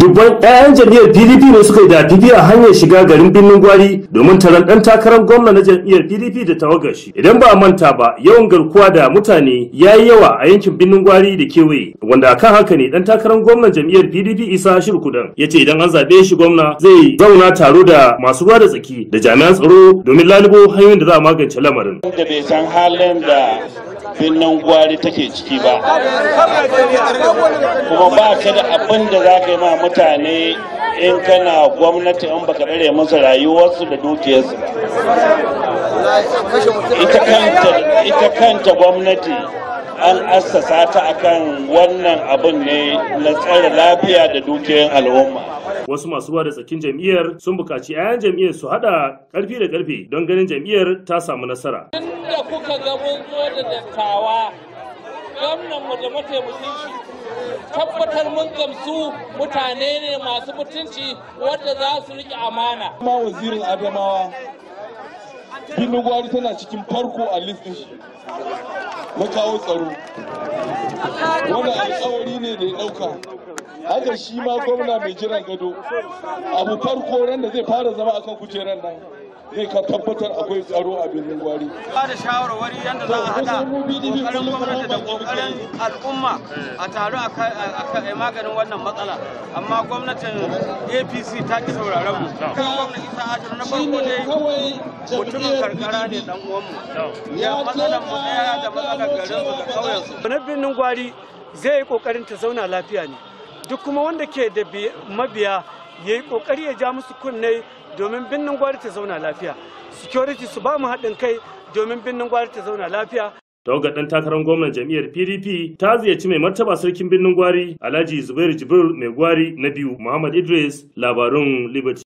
dubban 'ya'yan jam'iyyar pdp ne suka yi da a hanyar shiga garin birnin gwari domin taron ɗan takarar gwamna na jam'iyyar pdp da tawagar shi idan ba a manta ba yawan garkuwa da mutane ya yi yawa a yankin birnin gwari da kewaye wanda a kan haka ne ɗan takarar gwamnan jam'iyyar pdp isa Shirkudan ya ce idan an zaɓe shi gwamna zai zauna taro da masu ruwa da tsaki da jami'an tsaro domin lalubo hanyoyin da za a magance lamarin. Wanda bai san halin da birnin gwari take ciki ba kuma ba ka da abin da za ka yi kana mutane in kana gwamnati in baka tsare musu rayuwarsu da dukiyarsu ita kanta gwamnati an assasa ta akan wannan abin ne na tsare lafiya da dukiyar al'umma wasu masu ba da tsakin jam'iyyar sun buƙaci 'ya'yan jam'iyyar su haɗa ƙarfi da ƙarfe don ganin jam'iyyar ta samu nasara inda kuka ga mun da dattawa gwamnan mu da mataimakin shi tabbatar mun gamsu mutane ne masu mutunci wadda za su riƙe amana. Kuma wazirin Adamawa Binu Gwari tana cikin farko a listin shi na kawo tsaro. Wani alƙawari ne da ya ɗauka. Haka shi ma gwamna mai jiran gado. Abu farko ran da zai fara zama akan kujerar nan. zai ka tabbatar akwai tsaro a birnin gwari. Ba da shawarwari yadda za a haɗa ƙoƙarin gwamnati da kokarin al'umma a taro a maganin wannan matsala. Amma gwamnatin APC ta ki sauraron mu. Kuma gwamnati ta ashirin na farko dai mutumin karkara ne dan uwanmu. Ya matsalar mu ɗaya da matsalar garinsu da ƙauyensu. Gwamnatin birnin gwari zai yi ƙoƙarin ta zauna lafiya ne. Duk kuma wanda ke da mabiya ya yi kokari ya ja musu kunne domin binnin gwari ta zauna lafiya security su ba mu haɗin kai domin binnin gwari ta zauna lafiya tawagar ɗan takarar gwamnan jam'iyyar pdp ta ziyarci mai martaba sarkin birnin gwari alhaji zubairu jibril mai gwari na biyu muhammad idris labarun liberty